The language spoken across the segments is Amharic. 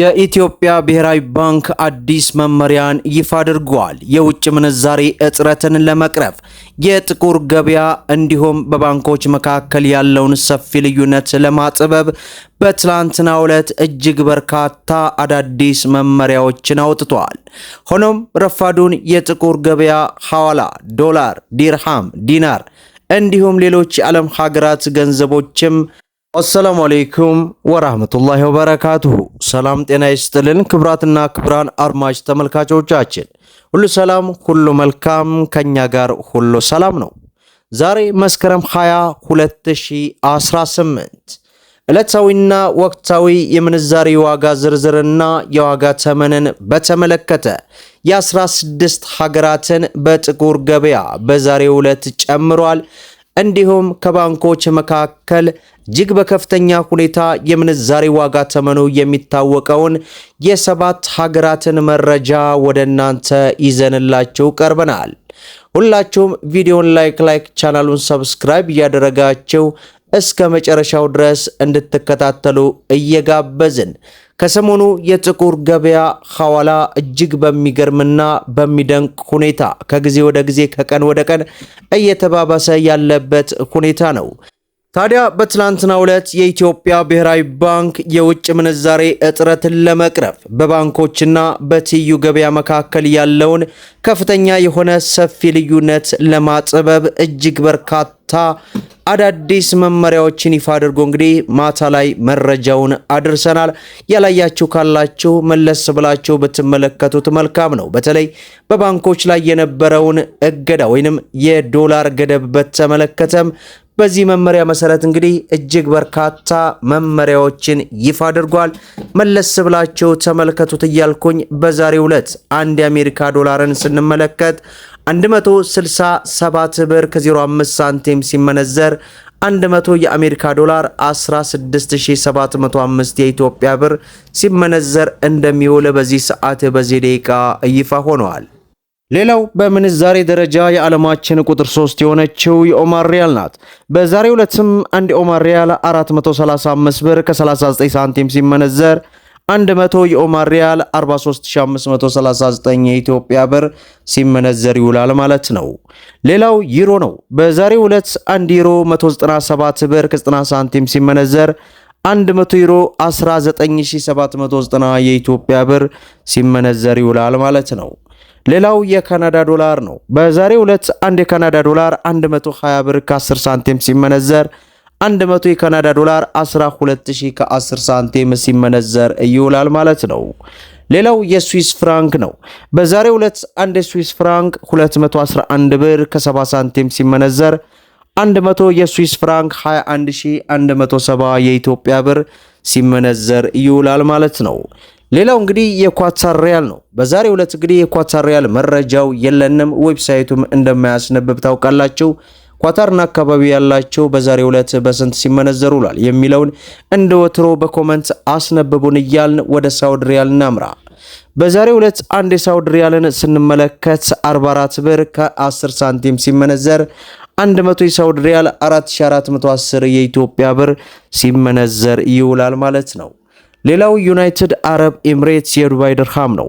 የኢትዮጵያ ብሔራዊ ባንክ አዲስ መመሪያን ይፋ አድርጓል። የውጭ ምንዛሬ እጥረትን ለመቅረፍ የጥቁር ገበያ እንዲሁም በባንኮች መካከል ያለውን ሰፊ ልዩነት ለማጥበብ በትላንትናው ዕለት እጅግ በርካታ አዳዲስ መመሪያዎችን አውጥቷል። ሆኖም ረፋዱን የጥቁር ገበያ ሐዋላ፣ ዶላር፣ ዲርሃም፣ ዲናር እንዲሁም ሌሎች የዓለም ሀገራት ገንዘቦችም አሰላሙ አሌይኩም ወራህመቱላሂ ወበረካቱሁ። ሰላም ጤና ይስጥልን። ክብራትና ክብራን አድማጭ ተመልካቾቻችን ሁሉ ሰላም፣ ሁሉ መልካም፣ ከኛ ጋር ሁሉ ሰላም ነው። ዛሬ መስከረም 20 2018 ዕለታዊና ወቅታዊ የምንዛሪ ዋጋ ዝርዝርና የዋጋ ተመንን በተመለከተ የ16 ሀገራትን በጥቁር ገበያ በዛሬው ዕለት ጨምሯል። እንዲሁም ከባንኮች መካከል እጅግ በከፍተኛ ሁኔታ የምንዛሬ ዋጋ ተመኑ የሚታወቀውን የሰባት ሀገራትን መረጃ ወደ እናንተ ይዘንላችሁ ቀርበናል። ሁላችሁም ቪዲዮን ላይክ ላይክ ቻናሉን ሰብስክራይብ እያደረጋችሁ እስከ መጨረሻው ድረስ እንድትከታተሉ እየጋበዝን ከሰሞኑ የጥቁር ገበያ ሐዋላ እጅግ በሚገርምና በሚደንቅ ሁኔታ ከጊዜ ወደ ጊዜ ከቀን ወደ ቀን እየተባባሰ ያለበት ሁኔታ ነው። ታዲያ በትላንትናው ዕለት የኢትዮጵያ ብሔራዊ ባንክ የውጭ ምንዛሬ እጥረትን ለመቅረፍ በባንኮችና በትይዩ ገበያ መካከል ያለውን ከፍተኛ የሆነ ሰፊ ልዩነት ለማጥበብ እጅግ በርካታ አዳዲስ መመሪያዎችን ይፋ አድርጎ እንግዲህ ማታ ላይ መረጃውን አድርሰናል። ያላያችሁ ካላችሁ መለስ ብላችሁ ብትመለከቱት መልካም ነው። በተለይ በባንኮች ላይ የነበረውን እገዳ ወይንም የዶላር ገደብ በተመለከተም በዚህ መመሪያ መሰረት እንግዲህ እጅግ በርካታ መመሪያዎችን ይፋ አድርጓል። መለስ ብላችሁ ተመልከቱት እያልኩኝ በዛሬው ዕለት አንድ የአሜሪካ ዶላርን ስንመለከት 167 ብር ከ05 ሳንቲም ሲመነዘር 100 የአሜሪካ ዶላር 16705 የኢትዮጵያ ብር ሲመነዘር እንደሚውል በዚህ ሰዓት በዚህ ደቂቃ ይፋ ሆነዋል። ሌላው በምንዛሬ ደረጃ የዓለማችን ቁጥር 3 የሆነችው የኦማር ሪያል ናት። በዛሬው ዕለትም አንድ የኦማር ሪያል 435 ብር ከ39 ሳንቲም ሲመነዘር 100 የኦማር ሪያል 43539 የኢትዮጵያ ብር ሲመነዘር ይውላል ማለት ነው። ሌላው ዩሮ ነው። በዛሬው ዕለት 1 ዩሮ 197 ብር ከ90 ሳንቲም ሲመነዘር 100 ዩሮ 19790 የኢትዮጵያ ብር ሲመነዘር ይውላል ማለት ነው። ሌላው የካናዳ ዶላር ነው። በዛሬው ዕለት አንድ የካናዳ ዶላር 120 ብር ከ10 ሳንቲም ሲመነዘር 100 የካናዳ ዶላር 12000 ከ10 ሳንቲም ሲመነዘር ይውላል ማለት ነው። ሌላው የስዊስ ፍራንክ ነው። በዛሬው ዕለት አንድ የስዊስ ፍራንክ 211 ብር ከ70 ሳንቲም ሲመነዘር 100 የስዊስ ፍራንክ 21170 የኢትዮጵያ ብር ሲመነዘር ይውላል ማለት ነው። ሌላው እንግዲህ የኳታር ሪያል ነው። በዛሬው ዕለት እንግዲህ የኳታር ሪያል መረጃው የለንም፣ ዌብሳይቱም እንደማያስነብብ ታውቃላችሁ። ኳታርና አካባቢ ያላቸው በዛሬው ዕለት በስንት ሲመነዘሩ ውሏል የሚለውን እንደ ወትሮ በኮመንት አስነብቡን እያልን ወደ ሳውዲ ሪያል እናምራ። በዛሬው ሁለት አንድ የሳውዲ ሪያልን ስንመለከት 44 ብር ከ10 ሳንቲም ሲመነዘር 100 የሳውዲ ሪያል 4410 የኢትዮጵያ ብር ሲመነዘር ይውላል ማለት ነው። ሌላው ዩናይትድ አረብ ኤምሬትስ የዱባይ ድርሃም ነው።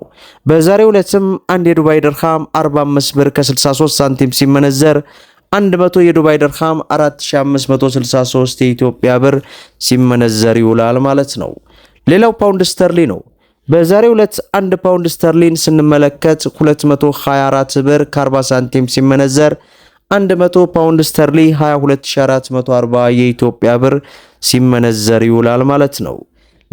በዛሬው ሁለትም አንድ የዱባይ ድርሃም 45 ብር ከ63 ሳንቲም ሲመነዘር 100 የዱባይ ድርሃም 4563 የኢትዮጵያ ብር ሲመነዘር ይውላል ማለት ነው። ሌላው ፓውንድ ስተርሊ ነው። በዛሬው ዕለት 1 ፓውንድ ስተርሊን ስንመለከት 224 ብር ከ40 ሳንቲም ሲመነዘር 100 ፓውንድ ስተርሊ 22440 የኢትዮጵያ ብር ሲመነዘር ይውላል ማለት ነው።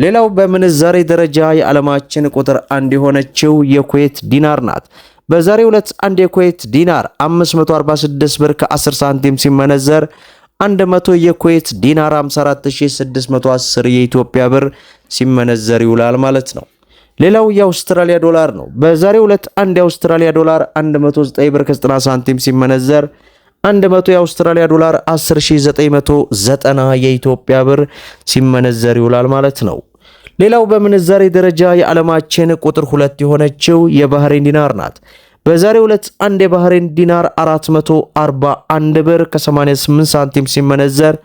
ሌላው በምንዛሬ ደረጃ የዓለማችን ቁጥር አንድ የሆነችው የኩዌት ዲናር ናት። በዛሬው ዕለት አንድ የኩዌት ዲናር 546 ብር ከ10 ሳንቲም ሲመነዘር 100 የኩዌት ዲናር 54610 የኢትዮጵያ ብር ሲመነዘር ይውላል ማለት ነው። ሌላው የአውስትራሊያ ዶላር ነው። በዛሬው ዕለት አንድ የአውስትራሊያ ዶላር 109 ብር ከ90 ሳንቲም ሲመነዘር 100 የአውስትራሊያ ዶላር 10990 የኢትዮጵያ ብር ሲመነዘር ይውላል ማለት ነው። ሌላው በምንዛሬ ደረጃ የዓለማችን ቁጥር ሁለት የሆነችው የባህሬን ዲናር ናት። በዛሬ ሁለት አንድ የባህሬን ዲናር 441 ብር ከ88 ሳንቲም ሲመነዘር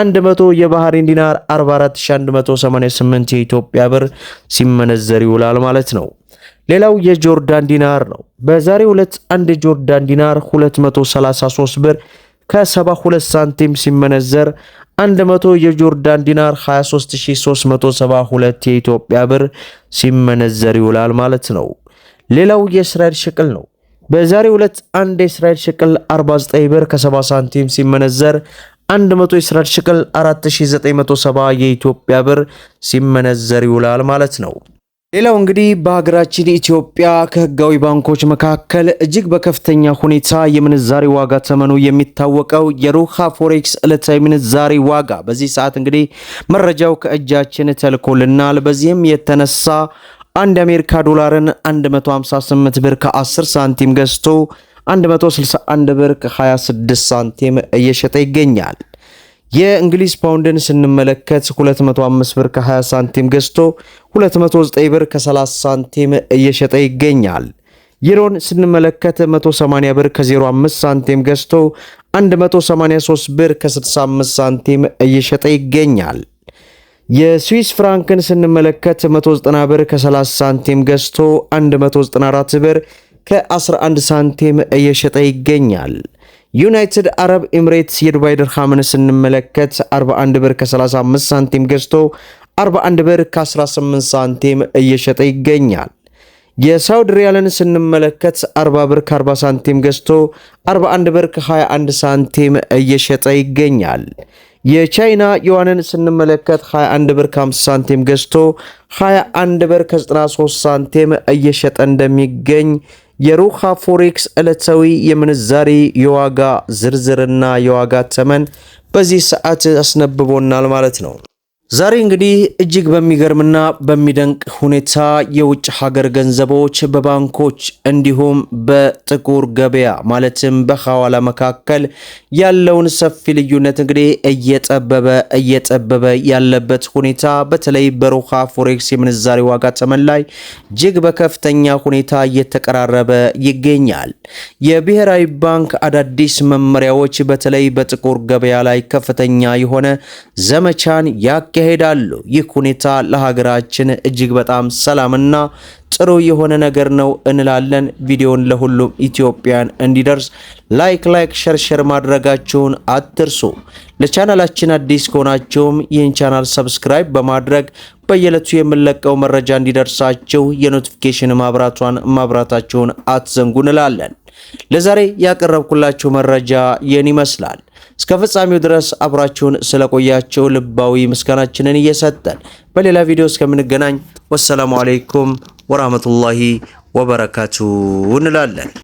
100 የባህሬን ዲናር 44188 የኢትዮጵያ ብር ሲመነዘር ይውላል ማለት ነው። ሌላው የጆርዳን ዲናር ነው። በዛሬ ሁለት አንድ የጆርዳን ዲናር 233 ብር ከ72 ሳንቲም ሲመነዘር 100 የጆርዳን ዲናር 23372 የኢትዮጵያ ብር ሲመነዘር ይውላል ማለት ነው። ሌላው የእስራኤል ሽቅል ነው። በዛሬ ሁለት አንድ የእስራኤል ሽቅል 49 ብር ከ70 ሳንቲም ሲመነዘር 100 የእስራኤል ሽቅል 4970 የኢትዮጵያ ብር ሲመነዘር ይውላል ማለት ነው። ሌላው እንግዲህ በሀገራችን ኢትዮጵያ ከህጋዊ ባንኮች መካከል እጅግ በከፍተኛ ሁኔታ የምንዛሬ ዋጋ ተመኑ የሚታወቀው የሩሃ ፎሬክስ ዕለታዊ ምንዛሬ ዋጋ በዚህ ሰዓት እንግዲህ መረጃው ከእጃችን ተልኮልናል። በዚህም የተነሳ አንድ አሜሪካ ዶላርን 158 ብር ከ10 ሳንቲም ገዝቶ 161 ብር ከ26 ሳንቲም እየሸጠ ይገኛል። የእንግሊዝ ፓውንድን ስንመለከት 205 ብር ከ20 ሳንቲም ገዝቶ 209 ብር ከ30 ሳንቲም እየሸጠ ይገኛል። ዩሮን ስንመለከት 180 ብር ከ05 ሳንቲም ገዝቶ 183 ብር ከ65 ሳንቲም እየሸጠ ይገኛል። የስዊስ ፍራንክን ስንመለከት 190 ብር ከ30 ሳንቲም ገዝቶ 194 ብር ከ11 ሳንቲም እየሸጠ ይገኛል። ዩናይትድ አረብ ኤምሬትስ የዱባይ ድርሃምን ስንመለከት 41 ብር ከ35 ሳንቲም ገዝቶ 41 ብር ከ18 ሳንቲም እየሸጠ ይገኛል። የሳውዲ ሪያልን ስንመለከት 40 ብር ከ40 ሳንቲም ገዝቶ 41 ብር ከ21 ሳንቲም እየሸጠ ይገኛል። የቻይና ዩዋንን ስንመለከት 21 ብር ከ50 ሳንቲም ገዝቶ 21 ብር ከ93 ሳንቲም እየሸጠ እንደሚገኝ የሮሃ ፎሬክስ ዕለታዊ የምንዛሬ የዋጋ ዝርዝርና የዋጋ ተመን በዚህ ሰዓት አስነብቦናል ማለት ነው። ዛሬ እንግዲህ እጅግ በሚገርምና በሚደንቅ ሁኔታ የውጭ ሀገር ገንዘቦች በባንኮች እንዲሁም በጥቁር ገበያ ማለትም በሐዋላ መካከል ያለውን ሰፊ ልዩነት እንግዲህ እየጠበበ እየጠበበ ያለበት ሁኔታ በተለይ በሮሃ ፎሬክስ የምንዛሬ ዋጋ ተመን ላይ እጅግ በከፍተኛ ሁኔታ እየተቀራረበ ይገኛል። የብሔራዊ ባንክ አዳዲስ መመሪያዎች በተለይ በጥቁር ገበያ ላይ ከፍተኛ የሆነ ዘመቻን ያ ያካሂዳሉ። ይህ ሁኔታ ለሀገራችን እጅግ በጣም ሰላምና ጥሩ የሆነ ነገር ነው እንላለን። ቪዲዮን ለሁሉም ኢትዮጵያን እንዲደርስ ላይክ ላይክ ሸር ሸር ማድረጋችሁን አትርሱ። ለቻናላችን አዲስ ከሆናችሁም ይህን ቻናል ሰብስክራይብ በማድረግ በየዕለቱ የምንለቀው መረጃ እንዲደርሳችሁ የኖቲፊኬሽን ማብራቷን ማብራታችሁን አትዘንጉ እንላለን። ለዛሬ ያቀረብኩላችሁ መረጃ ይህን ይመስላል። እስከ ፍጻሜው ድረስ አብራችሁን ስለቆያቸው ልባዊ ምስጋናችንን እየሰጠን በሌላ ቪዲዮ እስከምንገናኝ ወሰላሙ አሌይኩም ወራህመቱላሂ ወበረካቱ እንላለን።